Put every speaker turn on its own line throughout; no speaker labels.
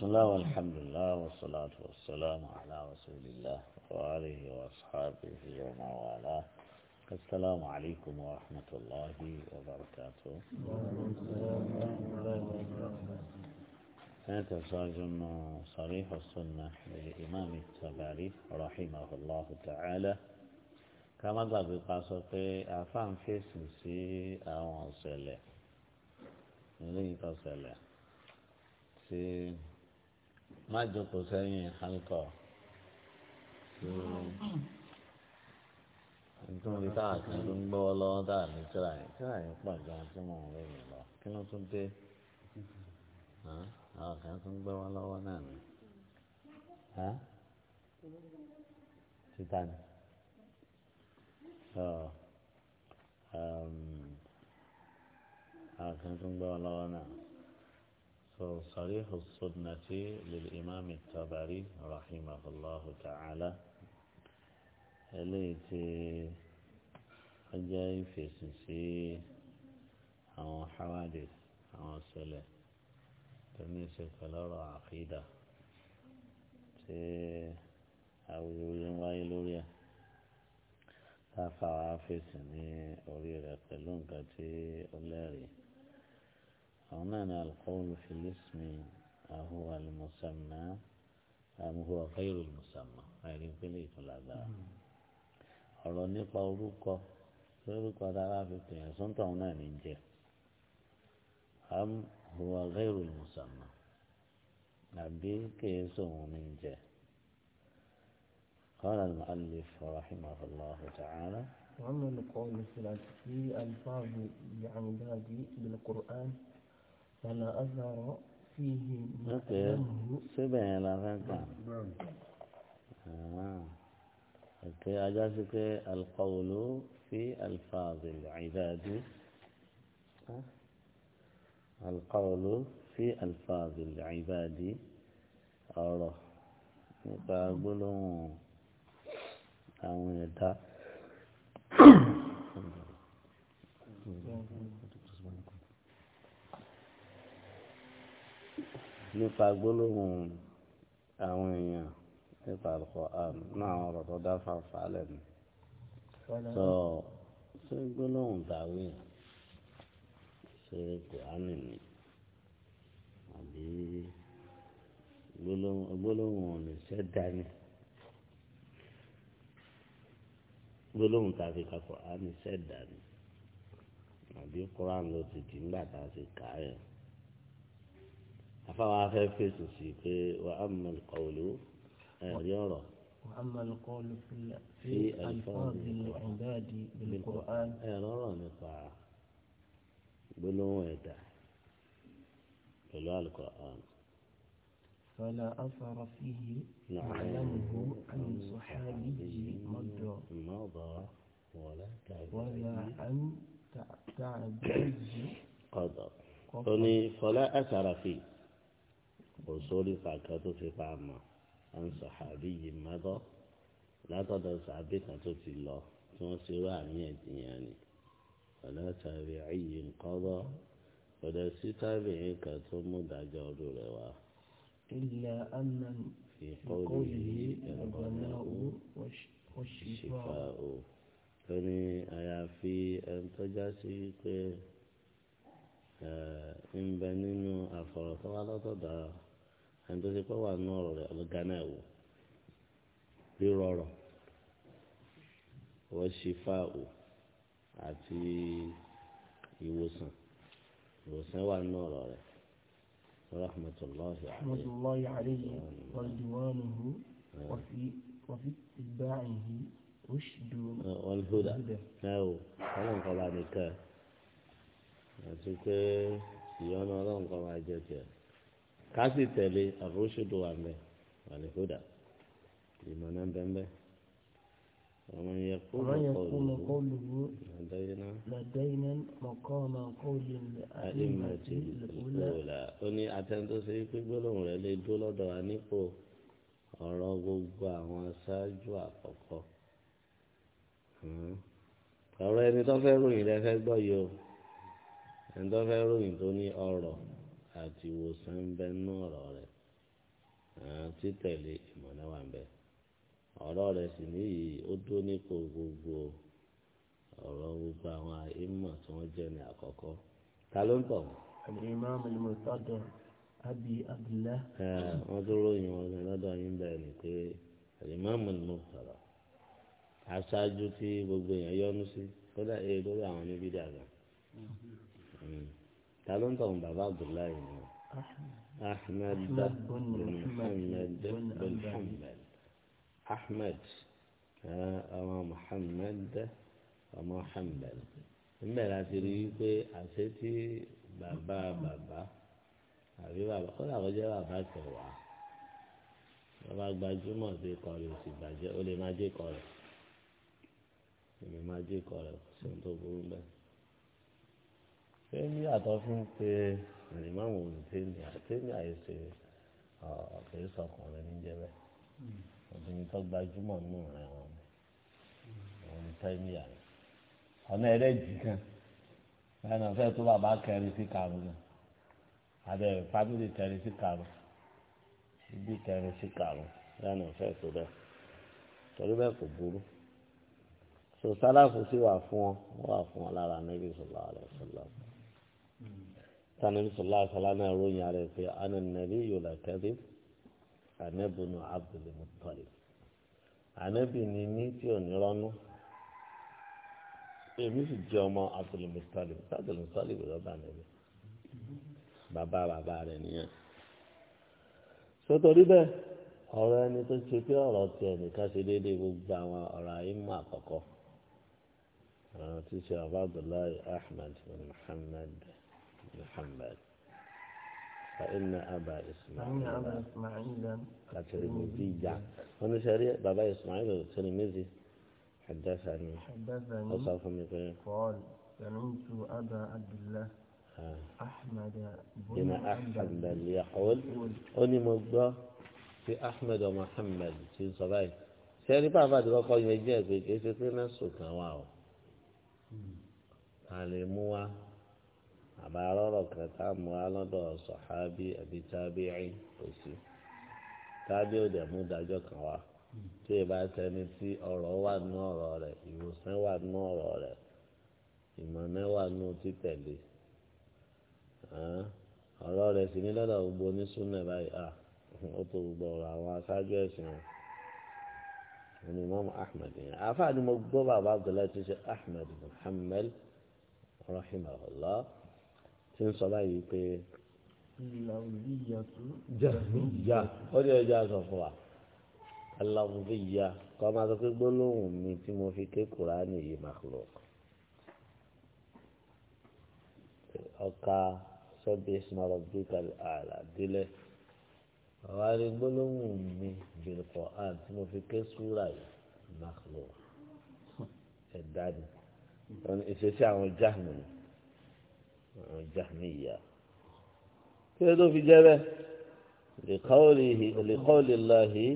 بسم الله والحمد لله والصلاة والسلام على رسول الله وآله وأصحابه ومن والاه السلام عليكم ورحمة الله وبركاته هذا ساج صريح السنة للإمام التباري رحمه الله تعالى كما ذكر في قصة أفهم في سنسي أو سلة من قصة سي má jókòó sẹ́yìn hankọ́ nítorí orí táà kan ló ń gbọ́wọ́ lọ́wọ́ táà ní tíra yìí tíra yìí pọ̀ gan tí mò ń rí mi lọ kí ló tún dé àwọn kan tún gbọ́wọ́ lọ́wọ́ náà ni títa ni um, àwọn kan tún gbọ́wọ́ lọ́wọ́ náà. صريح الصدنة للإمام التبري رحمه الله تعالى التي أجاي في سنسي أو حوادث أو سلة تنسي فلورا عقيدة تي أو يوين وايلوريا تفعى في سنة أريد قلون كتي أولاري ومعنى القول في الاسم هو المسمى أم هو غير المسمى غير بلي كل هذا ọ̀rọ̀ nípa orúkọ lórúkọ dára fi pèèyàn sọ́ńtọ̀ ọ̀hún أم هو غير المسمى àbí kìí sóhun ní قال المؤلف رحمه الله تعالى
وعمل القول في الفاظ العمداد بالقرآن wàlà azàrọ̀ fìhì màdàmù.
síbẹ̀ yẹn la fẹ́ kà ẹ̀kẹ́ ajá sí pé alqawlu fi alfaazi al-ibaadi alqawlu fi alfaazi al-ibaadi ọ̀rọ̀ nípa gbólóhùn àwọn ẹ̀dá. Thank you. nípa gbólóhùn àwọn èèyàn nípa àlùkò àmì náà àwọn ọ̀rọ̀ tó dá fàǹfà lẹ́nu. sọ ṣé gbólóhùn dàwí ṣe kùránì ni àbí gbólóhùn ọ̀nà iṣẹ́ dání gbólóhùn tá a fi ka kùránì iṣẹ́ dání àbí kùránì ló ti dì ńgbà tá a fi kà á yẹn. فما في فيسوسيك وأما القول آه، يرى
وأما القول في في ألفاظ العباد بالقرآن يرى نطاع
بنويدا بلال القرآن
فلا أثر فيه نعم. علمه عن نعم. صحابه مضى ولا تعبد ولا عن تعبد
قضى فلا أثر فيه kò sórí kàkà tó ti pa àmà à ń sàhábì yìí mọ́tọ́ látọ̀dọ̀ sàábì kan tó ti lọ tí wọ́n ti rú àríyànjiyàn ni ọ̀dọ̀ tàbí ayé ńkọ́dọ̀ ọ̀dọ̀ sí tàbí nǹkan tó mú dájọ́ ọdún rẹ̀ wá.
ilẹ̀ anam ìkọ́lù yìí ẹ̀rọ̀nà ó ṣìfà
ó tóní àyàfi ẹni tó já sí pé ń bẹ nínú àfọ̀rọ̀ tó wá lọ́tọ̀dọ̀ ẹni tó ti pẹ́ wà nínú ọ̀rọ̀ rẹ̀ ọlọ́gá náà wò rírọ̀rọ̀ wọ́n ṣe fáàwò àti ìwòsàn ìwòsàn wà nínú ọ̀rọ̀ rẹ̀ rahmatulahi
rahmatulahi alayhi wa diwanuhu wa fi ibbaacihi rushdu walhuda
náwó ọlọ́run kọ́ bá nìkan àti pé ìyọ́nú ọlọ́run kọ́ máa jẹ tiẹ̀ kasi tẹ̀lé àfọwọ́sọdọ̀ wà mẹ́ àlẹ́kọ́dà ìmọ̀nà bẹ́ẹ̀
ومن يقول قوله لدينا لدينا مقام قول الأئمة الأولى
أني أتنتو سيكو بلون للي دولة دوانيكو ọ̀rọ̀ gbogbo àwọn aṣáájú àkọ́kọ́ hmm. ọ̀rọ̀ ẹni tó fẹ́ ròyìn lẹ́fẹ́ gbọ́ yìí o ẹni tó fẹ́ ròyìn tó ní ọ̀rọ̀ àti ìwòsàn ń bẹ nínú ọ̀rọ̀ rẹ̀ títẹ̀lé ìmọ̀nà wà ń bẹ ọ̀rọ̀ rẹ̀ sì níyì ó dó nípò gbogbo ọ̀rọ̀ gbogbo àwọn ìmọ̀ tí wọ́n jẹ́ ní àkọ́kọ́ ta ló ń tọ̀
mọ́. Al-Imam al-Muqtada Abi Abdullah.
wọ́n tó ròyìn wọn lọ́dọ̀ yín bẹ́ẹ̀ ni pé Al-Imam al-Muqtada aṣáájú tí gbogbo èèyàn yọ́nú sí kódà èèyàn eh, lórí àwọn níbí dàgbà ta ló ń tọ̀ bàbá abdullahi ni ahmed bin muhammed bin muhammed ahmed eh, ọmọ muhammed ọmọ muhammed nígbà láti rí i pé àṣẹ tí bàbá bàbá àbí bàbá ó làwọn jẹ́ bàbá tẹ̀wàá bàbá gbajúmọ̀ sí kọrin òsì bàjẹ́ ó lè má jẹ́ kọrin ó lè má jẹ́ kọrin kò sí ohun tó burú bẹ́ẹ̀ tẹ́lẹ̀ àtọ́fín pé ìmáàmù olùtẹ́lẹ̀ àtẹ́lẹ̀ àìsè ọ̀kẹ́ sọkùnrin níjẹ́ bẹ́ẹ̀ obìnrin tó gbajúmọ̀ nù rẹ̀ wọn ni òun tẹ́lẹ̀ àná ọ̀nà ẹlẹ́jì kan lẹ́nu ọ̀fẹ́ tó bàbá kẹrin sí karùn náà abẹ́ fámìlì kẹrin sí karùn ibi kẹrin sí karùn lẹ́nu ọ̀fẹ́ tó bẹ́ẹ̀ torí bẹ́ẹ̀ kò burú so sálàfù sí wà fún ọ wà fún ọ lára níbi sallallahu alaihi wasallam tanabi sallallahu alaihi wasallam náà ròyìn ara ẹ̀ pé ananabi yóò là kẹ́rin anabunu abdulmutalib anabi ni ní tí ò ní rọ́nú èmi sì jẹ́ ọmọ abdulmutalib abdulmutalib lọ́ba nàbí bàbá bàbá rẹ̀ nìyẹn
sọtọ́rí bẹ́ẹ̀
ọ̀rọ̀ ẹni tó ṣe pé ọ̀rọ̀ ti ẹnìkan ṣe déédéé gbogbo àwọn ọ̀rọ̀ àìmọ̀ àkọ́kọ́ àwọn tí ṣe àbá ahmed muhammed. محمد فإن أبا إسماعيل فإن أبا
إسماعيل
الترمذي هنا شريع بابا إسماعيل الترمذي حدثني
حدثني قال سمعت أبا عبد الله آه. أحمد بن أحمد بن
يحول أني مضى في أحمد ومحمد في صباي سيري بابا دي وقال يجيك كيف تنسوا كواو تعلموا àbá rọrọ kan tá a mú alọ́dọ̀ sọ̀hábí àbí tábìrín kò sí tábí ò dẹ̀ mú dájọ́ kan wá tí ì bá tẹni tí ọ̀rọ̀ wà nú ọ̀rọ̀ rẹ̀ ìwòsàn wà nú ọ̀rọ̀ rẹ̀ ìmọ̀nà wà nú títẹ̀lé ọ̀rọ̀ rẹ̀ sì ní lọ́dọ̀ gbogbo onísúnà báyìí à ó tó gbogbo ọ̀rọ̀ àwọn aṣáájú ẹ̀sìn wọn ni imam ahmed yẹn afa ni mo gbọ́ bàbá abdullahi ti ṣe ahmed muhammed rahimahullah tí ń sọ báyìí pé.
jàmíyà
ó ní ẹja sọ fún wa alamudiyya kọ́ máa sọ pé gbólóhùn mi tí mo fi ké kúránì yìí makhluk ọka sọ́bí ìsìnàrọ̀ bíkà àlà délẹ̀ àwọn arígbólóhùn mi bìrìkọ̀ àn tí mo fi ké súra yìí makhluk ẹ̀dá ni ìṣesí àwọn jáàmù ni jahmiya kí ló fi jẹ́ bẹ́ẹ̀ lèkọ́ọ̀lìláhi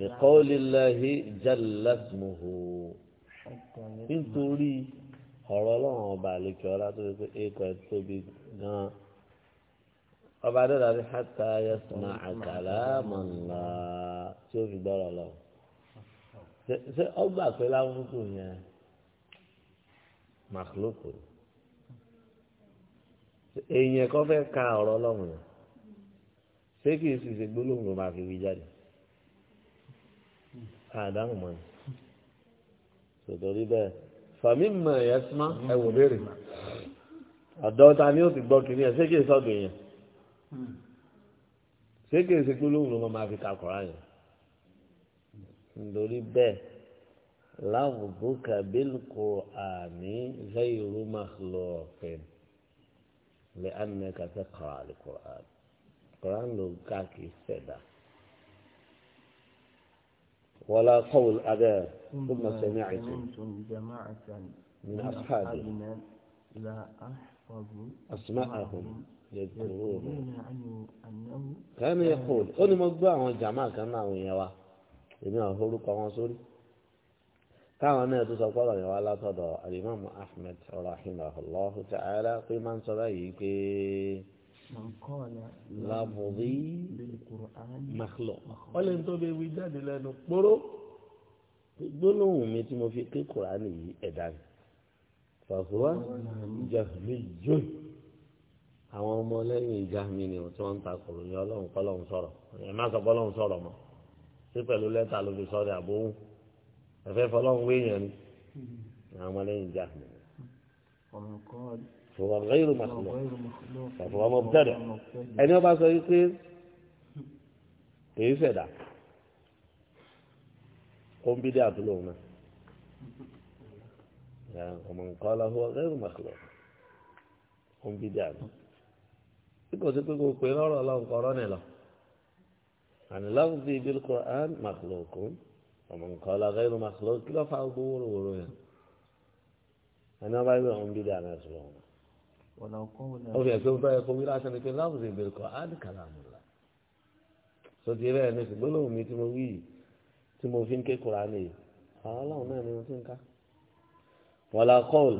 lèkọ́ọ̀lìláhi jálásmuhu nítorí ọ̀rọ̀ ọlọ́run ọba àlekè ọlá tó fi pé èkó ẹ̀ tóbi gan-an ọba dọ́là ní hàtà yasma àkàlà mọ̀nà tí ó fi gbọ́rọ̀ lọ. ṣé ọgbà pé láwọn yẹn màkìlókò èèyàn kan fẹ́ ka ọ̀rọ̀ ọlọ́run yẹn ṣé kìí sì ṣe gbólóhùn ló máa fi wí jáde àdáhùn mọ́ ni sòtòrí bẹ́ẹ̀ fàmí mọ̀ ẹ̀yà símá ẹ wò léèrè ọ̀dọ́ ta ni ó ti gbọ́ kiri ẹ̀ ṣé kìí sọ́dọ̀ èèyàn ṣé kìí ṣe gbólóhùn ló máa fi ka kọ̀ọ̀rọ̀ yẹn nítorí bẹ́ẹ̀ láwùjọ kàbílù kò àmì zẹ́yìrú màlúù ọ̀pẹ̀lú. لأنك تقرأ القرآن القرآن لو كاكي سيدا ولا قول أبا ثم سمعت
جماعة من أصحابنا لا أحفظ
أسماءهم يذكرون
كان يقول قل
مضبع وجماعة كما ويوا إنه هو لقوان سوري táwọn náà tó sọ pọ́lọ̀ yẹn wá látọ̀dọ̀ alimami ahmed rahimahullahu ta'ala pé máa ń sọ báyìí pé
lábùdí makhlọ ọlẹ́ ní tó bẹ wí jáde lẹ́nu kpóró
gbólóhùn mi tí mo fi ké kuraani yìí ẹ̀dá ni fàfúwá jahmiyun àwọn ọmọ lẹ́yìn jahmi ni tí wọ́n ń ta kùrù ní ọlọ́run kọ́lọ́run sọ̀rọ̀ ẹ̀ má sọ kọ́lọ́run sọ̀rọ̀ mọ́ sí pẹ̀lú lẹ́tà ló fi sọ̀rọ̀ àbóhùn ẹ̀fẹ́ fọlọ́run wéèyàn ni àwọn ọmọlẹ́yìn já fọwọ́ rẹ́rù màkùlọ̀ fọwọ́ ọmọ bẹ́ẹ̀dẹ̀ ẹni ọba sọ wípé èyí fẹ̀dà ó ń bí dé àdúlọ̀ náà ọmọ nǹkan ọlọ́wọ́ rẹ́rù màkùlọ̀ ó ń bí dé àdúlọ̀ bí kò sí pé kò pé lọ́rọ̀ ọlọ́run kọ́ ọ̀rọ̀ nìlọ àní láwùjọ ibi kọ́ án màkùlọ̀ òkun ọmọ nǹkan ọlọ́gá ìlú máa sọ̀rọ̀ kí ló fa gbogbo wórówóró yẹn ẹni wọn bá yẹ wọn bí dáa náà sọ̀rọ̀
wọn. ó fi ẹ̀sọ́
bá ẹ̀kọ́ wíwá sẹ́ni pé láwùjọ ìbẹ̀rẹ̀ kọ́ á ní kàlà àmúlá. sọtì rẹ̀ ní ṣùgbọ́n lóhùn mi tí mo wí yìí tí mo fi ń ké kura ni àwọn ọlọ́run náà ni mo ti ń ká. wàlá kọ́ọ̀l.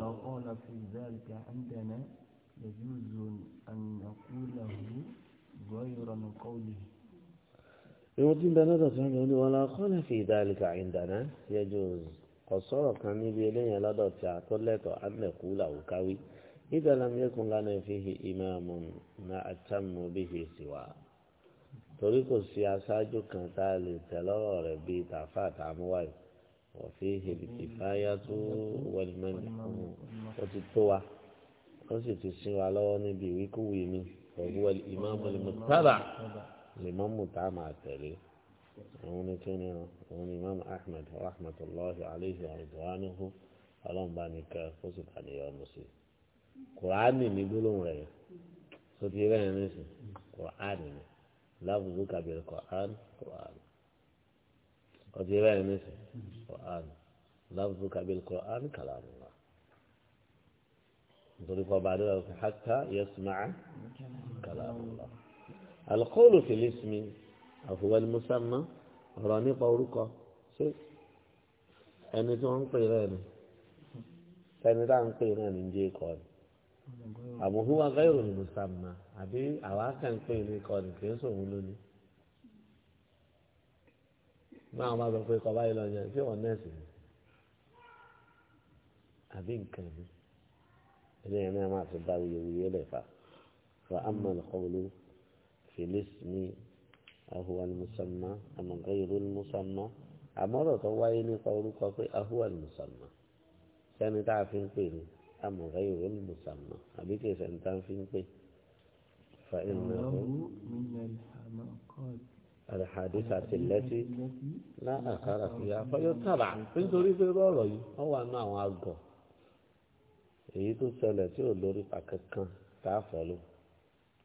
wàlá kọ́ọ̀l
ìwọ̀n tí ń bẹ lọ́dọ̀ tí wọ́n ní wọn la kọ́ lẹ́fì ìdálẹ́kà ìdáná yẹjọ́ kò sọ̀rọ̀ kan níbi eléyìn lọ́dọ̀ tí a tó lẹ́tọ̀ ánẹ̀kú làwùkáwí ìdálẹ́mí ẹkùn lánàá fi hi ìmáàmù na àtàmù bí hi síwá torí kò sí aṣáájú kan tá a lè tẹ̀ lọ́rọ̀ rẹ̀ bíi tàfà àtàmúwáyì òfin ìfìfáyà tó wẹ̀lìmẹ́lì ó ti tó wa ó sì ti sin wa lọ́wọ́ níbi ìwíkúwìí mi ọ̀gbọ́n ìmáàmù lèmọ́mù tá a máa tẹ̀lé àwọn ní kí ni àwọn ní imam ahmed rahmatulahi alayhi wa rahmatulahi ọlọ́mùbá ní ká fóṣù kàníyà ọmọ sí kùránì ní gbólóhùn rẹ̀ tó ti rẹ̀ ní sí kùránì ní lábùzú kàbíyà kùránì kùránì ó ti rẹ̀ ní sí kùránì lábùzú kàbíyà kùránì kàlámù náà nítorí kọ́ bá dé lọ́wọ́ hàtà yẹ sùmáà kàlámù náà alukóòlù fìlísìmì àfọwọ́lì mùsàmá ọ̀rọ̀ nípa orúkọ ṣé ẹni tí wọ́n ń pè náà ni ẹni tá à ń pè náà ni ń jẹ́ ikọ̀ ni àmọ̀húwà gáyọ̀rọ̀ ni mùsàmá àbí àwa kàn ń pè ní ikọ̀ ni kì í sòun lónìí máa ma sọ pé kọ báyìí lọ yẹn ṣé wọn nẹ́ẹ̀sì ni àbí nǹkan mi ẹni ẹni máa fi bá wuyewuye lẹ́fà fún amọ̀ lọ́kọ́ olówó. في الاسم أهو المسمى أم غير المسمى àmọ́rọ̀ tó wáyé nípa orúkọ pé ahuwa musamma sẹ́ni tá a fi ń pè ní amọ̀rẹ́ ìwé musamma àbí kì í sẹ́ni tá a fi ń pè fa ìrìnà ọ̀hún. alhadisa tilẹ̀tì láàkàrà fi afọ́yọ́ tàbà nítorí pé rọ̀rọ̀ yìí wọ́n wà ní àwọn àgọ̀ èyí tó ṣẹlẹ̀ tí ò lórí pàkẹ́kàn tá a fọ́ lóko.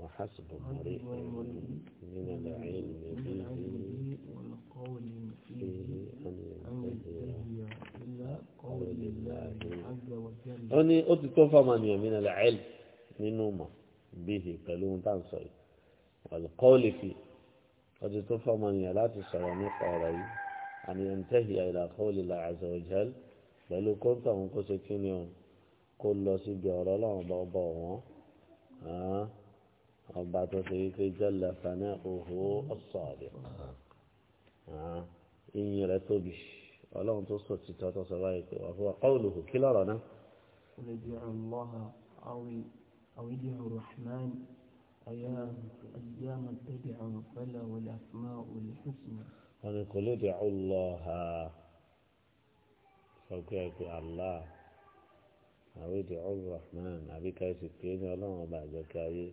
وحسب مريح من العلم به والقول فيه أن ينتهي إلى قول الله عز وجل
أني أتكفى من يمين العلم من نومه به قلون تنصي والقول فيه أتكفى من يلات السلام قاري أن ينتهي إلى قول الله عز وجل بل كنت أنقص كل يوم كل سيدي أرى الله بابا ها أو بعد ذلك جل فناؤه الصادق آه. إن يرتبش ولو أن تصفت ستة صغيرك وهو
قوله كلا رنا قل الله أو أو ادعوا الرحمن أيام أيام تدعوا فلا والأسماء الحسنى
أنا قل ادعوا الله فوقك الله أو ادعوا الرحمن أبي كاي سكيني ولو أبعد كاي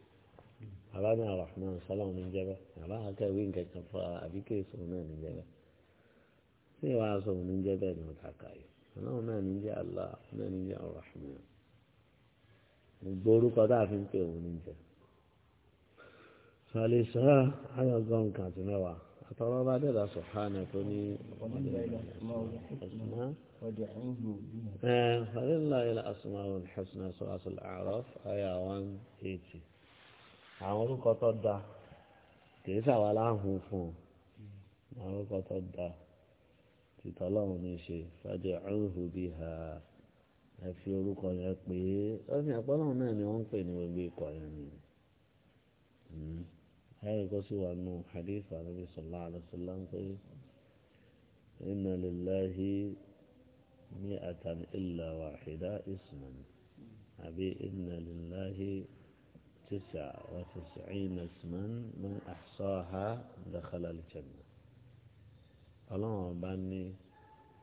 àbáni àràfin sọlọ́run ní jẹ́bẹ́ àbá akẹ́wé nkankan fún àbíké sọ̀rọ̀ náà ní jẹ́bẹ́ sí ìwà sọ̀rọ̀ ní jẹ́bẹ́ ní ọ̀tá kàyọ̀ ọlọ́run náà ní jẹ́ àlá náà ní jẹ́ àràfin gbogbo orúkọ tá a fi ń pè òun ní jẹ́ sàlẹ̀sà ayọ̀gán kan àti mẹ́wàá àtọ́rọ́ bá dẹ̀dà sọ̀hánà tó ní ọmọdé ẹ̀ fàlẹ́ láyé lásìmọ́ àwọn ìṣẹ́sìnà sọ̀rọ̀ àṣọ àárọ̀ ayé àwọn èyí àwọn orúkọ tó da kì í ṣàwọn aláhùn fún un àwọn orúkọ tó da tìtọ́ ọlọ́run ní ṣe fàjẹ́ ọ̀hún bí ha ẹ fi orúkọ yẹn pé ó fi hàn pọ́lọ́run náà ni wọ́n ń pè ní gbogbo ikọ̀ yẹn ni ẹ̀rí kó sì wà nù hadith ànábi sọ̀lá àlùsọ̀lá ń pè inna lillahi mi'atan illa wahida isman àbí inna lillahi. تسع وتسعين اسما من أحصاها دخل الجنة ọlọ́run ọba ní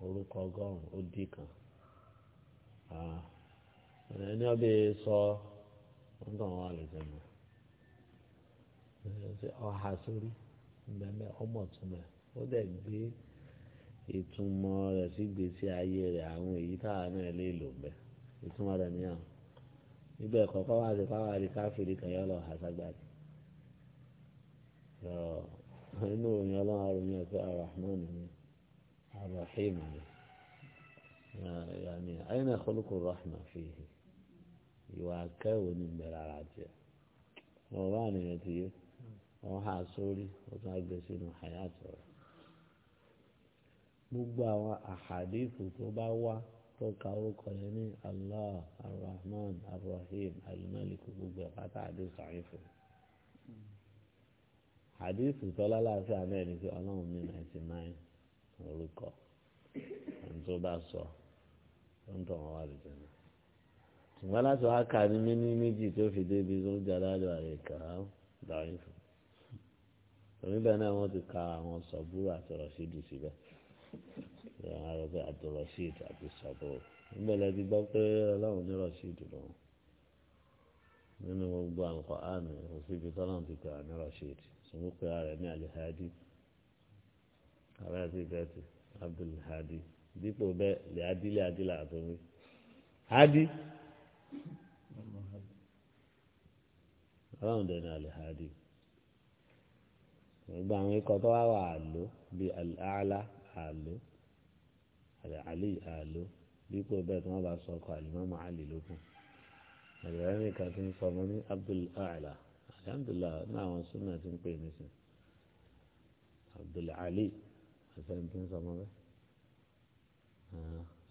orúkọ ọgọ́rùn-ún ó dì kan ẹni ọbẹ̀ sọ wọ́n tàn wá àlùjẹ̀mọ̀ ọ̀hà sórí ìgbẹ́mẹ́ ọmọ túnmẹ̀ ó dẹ̀ gbé ìtumọ̀ rẹ̀ sí gbèsè ayé rẹ̀ àwọn èyí tá a náà lè lò bẹ́ẹ̀ ìtumọ̀ rẹ̀ níyàwó níbẹ̀ kọ́kọ́ wà sí fáwọn àríkáfìrí kan yọ lọ àṣàgbàdì yọ̀rọ̀ inú òyìn ọlọ́run àròyìn ẹ̀fẹ́ arahman ni arahim ni yàní àyìnà ìkọlùkù rahman fìhì ìwà akẹ́wò ní ìbẹ̀rẹ̀ ara jẹ́ ọ̀rọ̀ bá nìyẹn ti yé wọ́n há sórí ó tún á sínú hayat rẹ̀ gbogbo àwọn àhàdífù tó bá wá tó ka orúkọ yẹn ní allah arrahman arrahim alimaliku gbogbo ẹ̀ pátá àdéhùn sàáyìn fún un hadith tọ́lá láàfin àná ẹni pé ọlọ́run ní ninety nine orúkọ ẹni tó bá sọ ó ń tọ̀wọ́n wá lójú náà ṣùgbọ́n láti wá kà ní mímí méjì tó fi débi tó ń jaláàlú ààrẹ kà á dáhùn fún un oníbẹ̀ náà wọ́n ti ka àwọn sọ̀búrò àti rọ̀ṣídù síbẹ̀ àwọn arọ́bẹ́ abdulrasheed abdulsabo ìgbẹ́lẹ̀ ti gbọ́ pé ọlọ́run ní rasheed lòun nínú gbogbo àǹkọ́ àmì òsibí tọ́lọ́run ti pè àní rasheed sùnmù pé ààrẹ ní alihadi ti abdulhadi dípò bẹ́ẹ̀ lè adílé adílé hadi ọlọ́run dẹ̀ ní alihadi gbogbo àwọn ikọ̀ tó wà àlì àlò dípò bẹ́ẹ̀ tí wọ́n bá sọ ọkọ̀ àlìmọ́mù àlì lókun ẹ̀rọ nìkan ti ń sọ ọmọ ní Abdul A'la alhamdulillah náà àwọn súnà ti ń pè mí sí Abdul Ali àtẹni ti ń sọ ọmọ bẹ́ẹ̀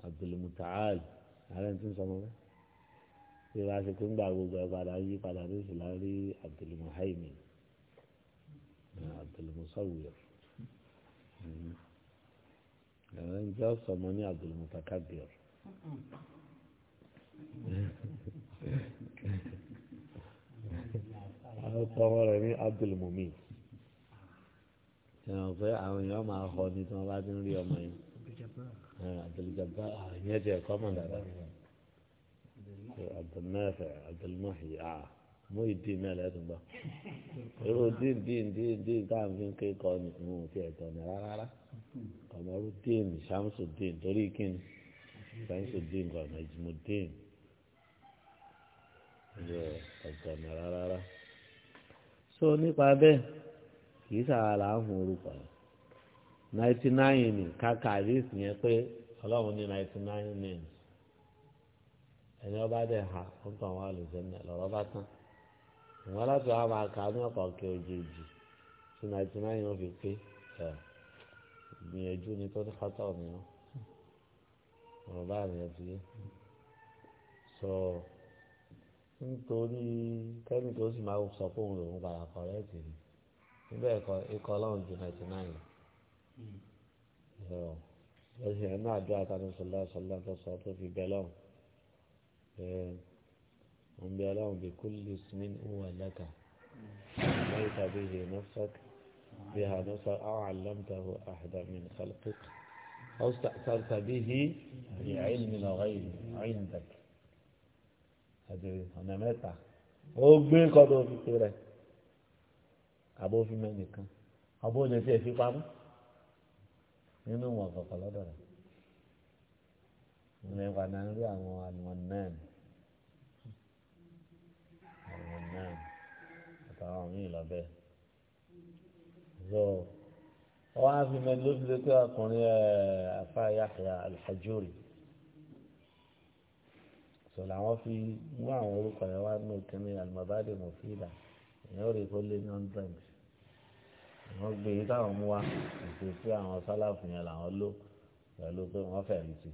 Abdul Muta'al ti ń sọ ọmọ bẹ́ẹ̀ bí wàá ṣe pé gbà gbogbo ẹ̀ padà yí padà ní ìṣìlá rí Abdul Muhaimin يعني جاء صمني عبد المتكبر طوال يعني عبد المميت كان ضيع يعني يوم على خوني ثم بعد يومين
عبد الجبار
آه، عبد الجبار عبد النافع عبد المحيي اه مو الدين مال هذا
بقى الدين
دين دين دين كان فين كي قوني مو في عدوني لا لا لا kọmọrúdín ṣàmùsùdín torí kíni ṣàmùsùdín kọmọ ìjìmùdín ìjọ ọ̀gbọ̀nà rárá. so nípa bẹ́ẹ̀ kìí sàrà ń hun orúkọ yẹn ninety nine ni kàkà àdéhùn yẹn pé ọlọ́run ní ninety nine names ẹni ọba dẹ̀ ha ń lọ́rọ́ bá tán ìwọ́n láti wá máa ka ní ọ̀pọ̀ òkè tí gbìyànjú ni tó ti fata ọ̀nà ọ̀rọ̀ báyìí ẹ̀ fi sọ nítorí kẹ́mi tó sì máa sọ pé òun lòun padà kọ̀rẹ́ẹ̀tì ni níbẹ̀ ikọ̀ ọlọ́run ju ninety nine lọ lọ́sẹ̀ ẹ̀ náà dúró àtàlù sọlá sọlá tó sọ tó fi bẹ́ lọ́hùn òun bẹ́ lọ́hùn bí kúlìs mi ń wà lẹ́ka بها نصر أو علمته أحدا من خلقك أو استأثرت به بعلم الغيب عندك هذه أنا متى أبي قد في كيرة أبو في منك أبو نتي في قام nínú wọn kọ̀ọ̀kan lọ́dọ̀ rẹ̀ wọn lè padà ń rí àwọn àlùmọ̀n so wọ́n á fi mẹ́lẹ́ lóbi lé pé ọkùnrin afa Yahya al-Hajuri so làwọn fi mú àwọn orúkọ yẹn wá nù kínní al-Mabadi Mufida ìyẹn ò rí kó lé ní hundred wọ́n gbé yìí e táwọn mú wá ètò pé àwọn sálàfù yẹn làwọn lò pẹ̀lú pé wọ́n fẹ̀rí sí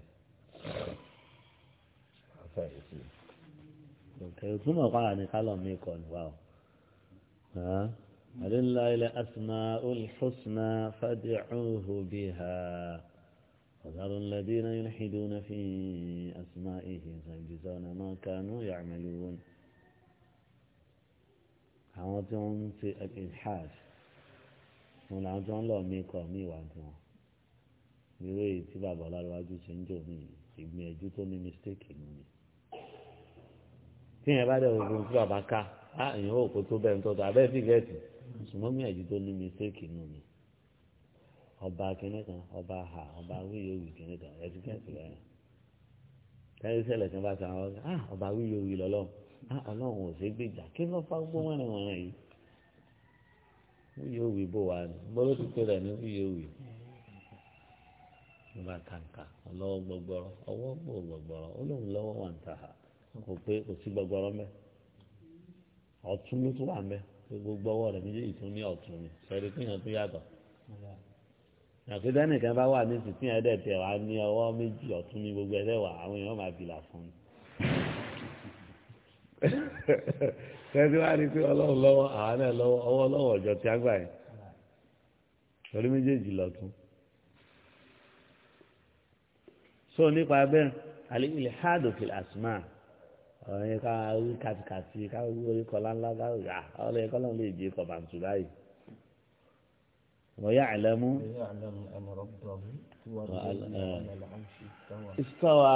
wọ́n fẹ̀rí sí. òkè ìtumọ̀ pàrọ̀ ní kálọ̀ mi kọ̀ níwá o. ولله الأسماء الحسنى فادعوه بها وذروا الذين يلحدون في أسمائه سيجزون ما كانوا يعملون àwọn tí wọ́n ń ṣe ìlhad wọn làwọn tí wọ́n lọ mí kọ mí wà tí wọn irú èyí tí bàbá ọlọ́rọ̀wájú ṣe ń jò mí ìgbìyànjú tó ní mistake nù mí. tí yẹn bá dẹ̀ wọ́n fún bàbá ká á ìyẹn ò kó tó bẹ́ẹ̀ ń tọ́jú abẹ́ fìgẹ́ẹ̀tì mùsùlùmí ẹ̀jú tó ní mistake nù mí ọba kìnní kan ọba ha ọba wíyọ̀wì kìnní kan ẹ̀sìn kẹ́sì lẹ́yìn kẹ́sì sẹ́lẹ̀ kan bá sọ àwọn ọ̀gá ah ọba wíyọ̀wì lọ́lọ́run ah ọlọ́run ò sí gbèjà kí ló fà gbọ́ wọ́n rìn wọ́n rìn yìí wíyọ̀wì bò wá ní gbọ́dọ̀ ti pè rẹ̀ ní wíyọ̀wì nígbà kàǹkà ọlọ́wọ́ gbọgbọrọ ọwọ́ gbò gbọgbọrọ olóhùn lọ́wọ́ wà ń ta ha kò pé kò sí gbọgbọrọ mẹ́ ọ̀tún ló tún wà mẹ́ pé gbogbo ọwọ́ rẹ̀ méjèèjì tún ní ọ̀tún ni sọ̀rọ̀ pé yàn tún yàtọ̀ àti dẹ́nìkan bá wà ní sìtì yẹn dẹ̀ tẹ̀ wá ní ọwọ́ méjì ọ̀tún ní gbogbo ẹ̀dẹ̀ wà àwọn èèyàn máa bìlà fún un. kẹ́sí wá ní pé ọlọ́run lọ́wọ́ àwọn náà lọ́wọ́ ọwọ́ lọ́wọ́ ọ̀jọ́ tí a yẹn torí méjèèjì lọ́tún. so nípa bẹ́ẹ̀ alẹ́ ilẹ̀ hádùn fìlà àsùmáà ọ̀rọ̀ yẹn ká wí kàtìkàtì ká wí orí kọlá ńlá ká wí ah, à ọ̀rọ̀ yẹn kọ́lọ́n lè jẹ́ kọ̀ bàǹtù báyìí. wọ́n yà àlẹ́mú. ìsítọ́wà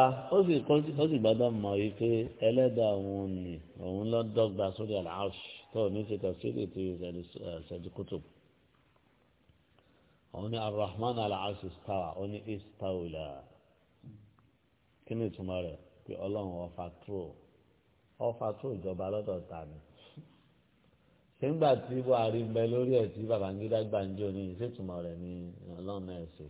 ó sì gbọ́dọ̀ mọ̀ yìí pé ẹlẹ́dàá òun ni òun ló dọ́gba sórí àlàáṣì tó ní ṣe tẹ̀sílì tó yẹ ṣẹ́jú kútù. òun ni arahman àlàáṣì ìsítọ́wà ó ní ìsítọ́wìlà kí ni ìtumọ̀ rẹ̀ pé ọlọ́run ọ̀fà tó o ọfà tó ìjọba lọ́dọ̀ ta ni sígbà tí buhari ń bẹ lórí ẹ̀ tí babangida gbàǹjo ní ìṣètùmọ̀ rẹ̀ ní ọlọ́run ẹ̀ ṣe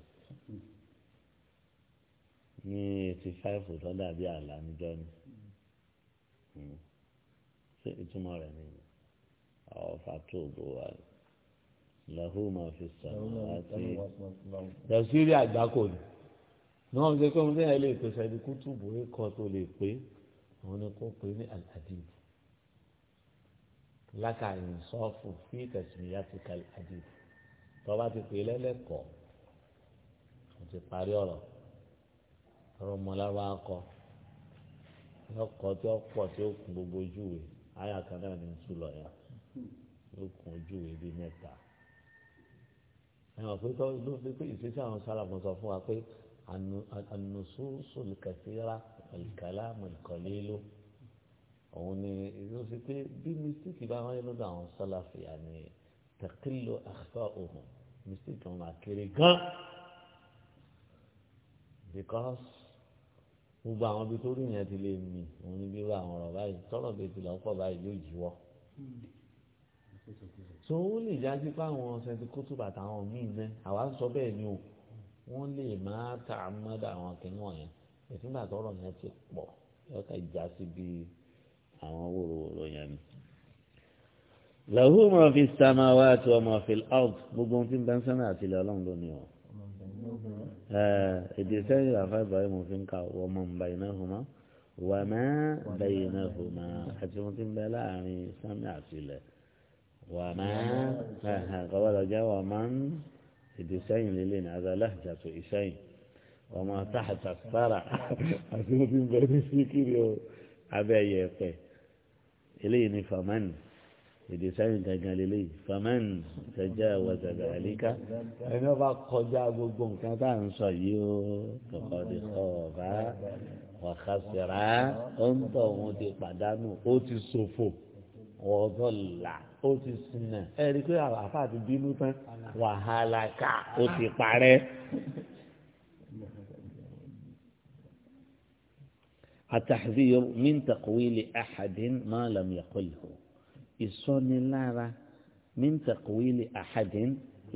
ní eighty five tó dàbí àlá níjọ́ ni ṣé ìtumọ̀ rẹ̀ ni ọfà hmm. tó buhari lẹ́hùn máa fi sọ̀rọ̀ àti
yẹ̀sírí àgbákò
ni wọ́n fi ṣe pé wọ́n fi hàn lè pèsè ẹni kútùbù ẹ̀kọ́ tó lè pé òun ni kò pé ní al-adib laka insafu fi tasmiyatika al-adib tọ́ba ti pè lẹ́lẹ́kọ̀ọ́ o ti parí ọ̀rọ̀ ọ̀rọ̀ mọ́lára akọ ọkọ̀ tí ó pọ̀ tí ó kún gbogbo ojúwe àyà kan náà ní tú lọ yẹn ó kún ojúwe bíi mẹ́ta ẹ̀wọ̀n pé tó fi pé ìṣesí àwọn sálàmù sọ fún wa pé. النصوص الكثيرة الكلام القليل òun ni ìlú sí pé bí mistake bá wáyé lọ́dọ̀ àwọn sálàfì àní taqillu akhta'uhum mistake wọn máa kéré gan because gbogbo àwọn ibi tó rí yẹn ti lè mì òun ni bí wọ́n àwọn ọ̀rọ̀ báyìí tọ́rọ̀ bíi ti lọ́pọ̀ báyìí yóò jíwọ́ so ó lè jáde pé àwọn sẹ́ńtì kótó bàtà àwọn míì náà àwa ń sọ bẹ́ẹ̀ ni o wọ́n lè má ta àmọ́dá àwọn kìnnì wọ̀nyẹn ìtúgbà tọrọ yẹn ti pọ̀ yọ ká já sí bí àwọn wòrowòro yẹn ni. lahu ma fi samawati wa ma fil ard gbogbo ohun tí ń bẹ ń sẹ́nà àti ilẹ̀ ọlọ́run lónìí o. èdè sẹ́yìn làfà ibrahim fi ń ka wa man baynahuma wa ma baynahuma àti ohun tí ń bẹ láàrin sẹ́nà àti ilẹ̀ wa ma kọ́wọ́ èdè sẹ́yìn lélẹ̀ ní azalá ìjàtọ̀ ìsẹ́yìn ọmọ táàtà sára àti wọn ti bẹ̀rẹ̀ ní síkiri o abẹ́ yẹ̀pẹ̀ eléyìí ní famani èdè sẹ́yìn gangan lélẹ̀ famani tẹ̀jẹ́ wàzàgà àlíká ẹni wọn bá kọjá gbogbo nǹkan tá à ń sọ yìí o kọ̀kọ́ di kọ̀ọ̀bá wàhásìrá ó ń tọ̀ wọn ti pàdánù ó ti ṣòfò wọ́dọ̀là ó ti sinà ẹ rí i pé àfa ti bínú tán wàhálà ká ó ti parẹ́. التحذير من تقويل أحد ما لم يقله ìsọnilára míntakùwìlì àhàdín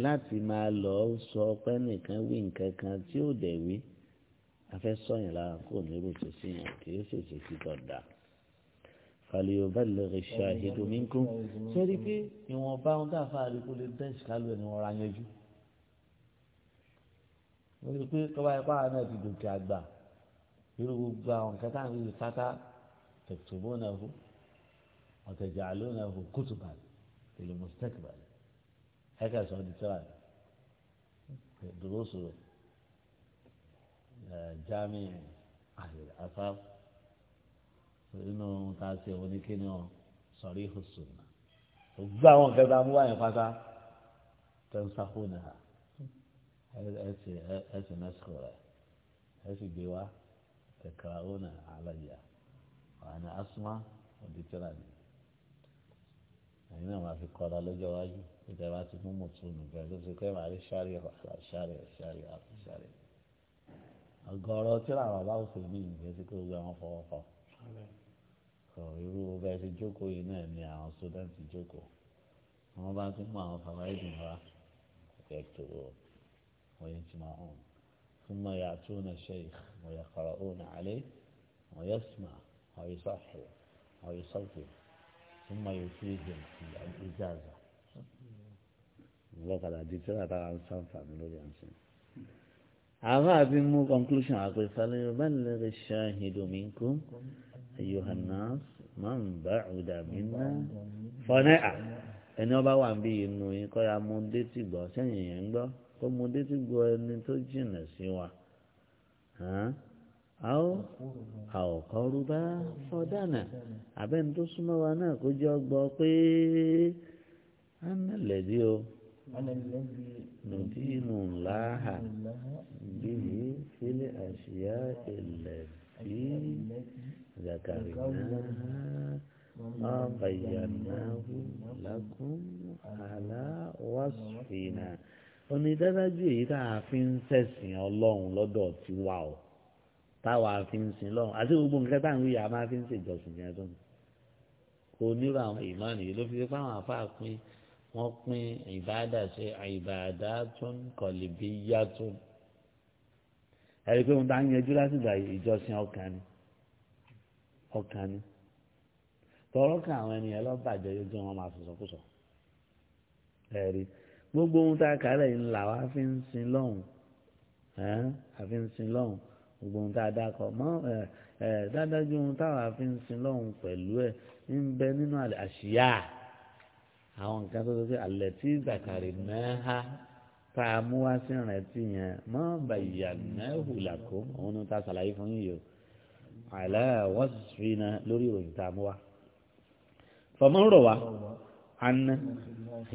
láti máa lọ sọ pé nìkan wí nǹkan kan tí ó dẹ̀ wí afẹ́sọ̀yìn lára kò ní rò sí sí yàn kì í ṣèṣe títọ̀ dáa. فليبلغ الشاهد منكم sẹ́rí pé ìwọ̀n bá ń dáfà àríkú lè dẹ́ ìṣìkálù ẹ̀ ni wọ́n ra yanjú. wọ́n rí i pé tọ́ba ipá náà ti gòkè àgbà irú gbogbo àwọn nǹkan ń rí pátá tẹ̀tùbó náà hù ọ̀tẹ̀jà ló náà hù kùtùbà ìlú mùsítẹ́kìbà ẹ̀ka sọ ọ́ di tẹ́lá dùrọ́sù ẹ̀ jámì àyè afáfù nínú ohun tá a ṣe òun ní kíni ọ sọrí ìhùsùnà gbogbo àwọn nǹkan tá a mú wáyé pátá tẹ́ńsáfù ni ha ẹ sì mẹ́sìkò rẹ̀ ẹ sì gbé wá kẹkẹrẹ ó nà àlàyé àwọn asúmá òdìtẹ́rà ni ẹ̀yin náà máa fi kọ́ra lọ́jọ́ iwájú ìdá bá ti mú mùsùlùmí bẹ́ẹ̀ ló ti kọ́ ẹ̀ máa rí sáré ọ̀la sáré sáré ọ̀la sáré ọgọ́rọ̀ tí làwọn bá mi ìgbésí kó gbé wọn fọwọ́ fọ sọ irú bẹ́ẹ̀ ṣe jókòó yìí náà ni àwọn sódẹ́ǹtì jókòó wọ́n bá tún mọ àwọn fàmáìdì wa ẹ̀tọ́ wọ́n yẹn ti máa hàn ثم يأتون الشيخ ويقرؤون عليه ويسمع ويصحح ويصوتب ثم يفيدهم الإجازة وقد أدتنا طبعا صنفا من لوري أنسين أما أبي مو conclusion أقول فليبلغ الشاهد منكم أيها الناس من بعد منا فناء ẹni ọba wà ń bí inú yín kọ́ ya mú détí gbọ́ sẹ́yìn yẹn ń gbọ́ kó mú détí gbọ́ ẹni tó jìnà sí wa àwọn àwòkọ́rú bá fọdánà àbẹ́ni tó súnmọ́ wa náà kó jẹ́ ọgbọ́ pé ánàlẹ́dí o
nùdínú láhà bíi fílẹ̀
àṣìyá ilẹ̀ ذكرناه
وبيناه لكم على وصفنا
onídàájú èyí tá a fi ń sẹ̀sìn ọlọ́run lọ́dọ̀ tiwa o táwa fi ń sin lọ́run àti gbogbo nǹkan tá à ń wí yà máa fi ń ṣèjọsìn yẹn tó ní. onírò àwọn ìmánì yìí ló fi pé àwọn àfáà pín wọ́n pín ìbáàdà ṣe ìbáàdà tó ń kọ̀lìbí yá tó. ẹ̀rí pé mo bá ń yanjú láti gbà ìjọsìn ọkàn ni ọkàn ni tọrọ kan àwọn ènìyàn lọ bàjẹ́ yóò jẹ́ wọn máa sọ̀sọ̀ kó sọ ẹ̀rí gbogbo ohun tá a kàlẹ̀ yìí ńlá wa fi ń sin lọ́hùn ẹ́n àfi ń sin lọ́hùn gbogbo ohun tá a dákọ̀ mọ́ ẹ̀ ẹ̀ dádájú ohun táwa fi ń sin lọ́hùn pẹ̀lú ẹ̀ ń bẹ nínú àṣìyá àwọn nǹkan tó tó pé tí zakari náà tá a mú wá sí ìrántí yẹn mọ́ bàyà náà kó òun ni ta ṣàlàyé fún yìí o àlẹ́ wọ́n sì iná lórí ìròyìn tá a mú wa. fọmọ́ ń rọ̀ wá anna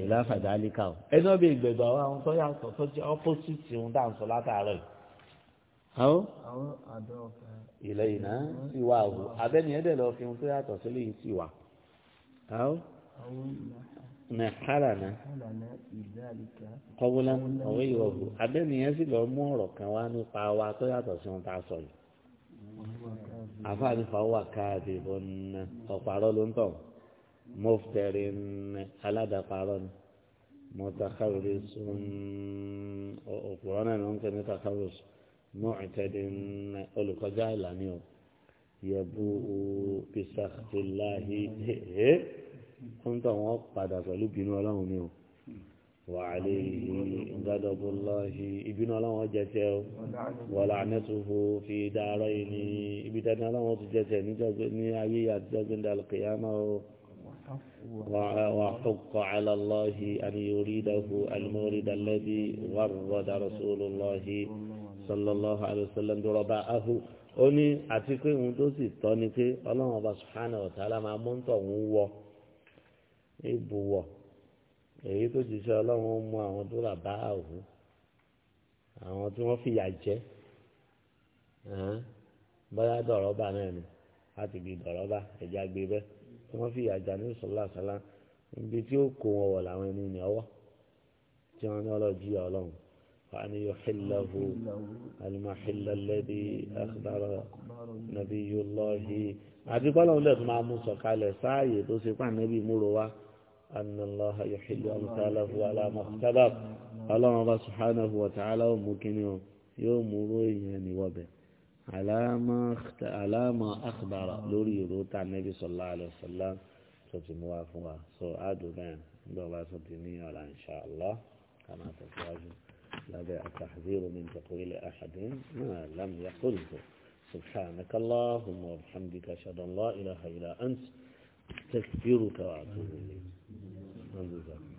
ìlà fàdálíkà o ẹni ọbẹ̀ ìgbẹ̀gbẹ̀ àwọn àwọn tó yà sọ tó jẹ́ ọ́pọ́sìtì ohun tá à ń sọ látàárọ̀ yìí. àwọn ilẹ̀ iná ti wà o abẹ́ni ẹ̀dẹ̀ lọ fi ohun tó yàtọ̀ sílẹ̀ yìí ti wà. àwọn nàkàlànà
kọ́bùlá ọ̀wé ìwọ̀bù
abẹ́ni sì lọ mú ọ̀rọ̀ kan wá nípa wa tó yàtọ̀ sí ohun tá a sọ yìí àfààní fàáwà káàdì ìbọn ọ̀pàrọ̀ ló ń tọ̀ mọ́fẹ́rin aládàpàrọ̀ ni mọ́tàkàrọ̀sùn òpùrọ̀ náà ló ń pè ní tàkàrọ̀sùn mọ́ọ̀tẹ́rin olùkọjá ìlànà o yẹbu bisakilahi ẹ̀ ẹ̀ ń tọ̀ wọ́n padà pẹ̀lú bínú ọlọ́run ni o. وعليه غضب الله ابن الله جته ولعنته في دارين ابن الله جته ني اي يجد القيامه وحق على الله أن يريده المورد الذي ورد رسول الله صلى الله عليه وسلم رباءه ó ní àti pé òun tó sì tọ́ ni pé ọlọ́run ọba subhanahu wa ta'ala máa mú ń tọ̀ òun wọ ibù wọ̀ èyí tó jíṣẹ́ ọlọ́run mú àwọn tó rà bá òun àwọn tí wọ́n fìyà jẹ bóyá dọ̀rọ́bà náà ni láti bí dọ̀rọ́bà ẹ̀já gbé bẹ́ẹ̀ tí wọ́n fìyà jà ní sọ́lá sọ́lá níbi tí ó kó wọn wọ̀ làwọn ẹni ní ọwọ́ tí wọ́n ní ọlọ́jì ọlọ́run وأن يحله المحل الذي أخبر نبي الله àti kọ́lọ́hún lẹ́tùmọ̀ amúsọ̀kalẹ̀ sáàyè tó ṣe pàǹdẹ́bí múro wa. أن الله يحل أمثاله على ما اختلف الله سبحانه وتعالى ممكن يوم يعني وبه على ما اخت... على ما أخبر لوري روت النبي صلى الله عليه وسلم صوت موافقة سو عدو بين دولا صديني ولا إن شاء الله كما تفاجئ لدى التحذير من تقويل أحد ما لم يقله سبحانك اللهم وبحمدك أشهد أن لا إله إلا أنت تكفرك وأتوب إليك Alhamdulillah.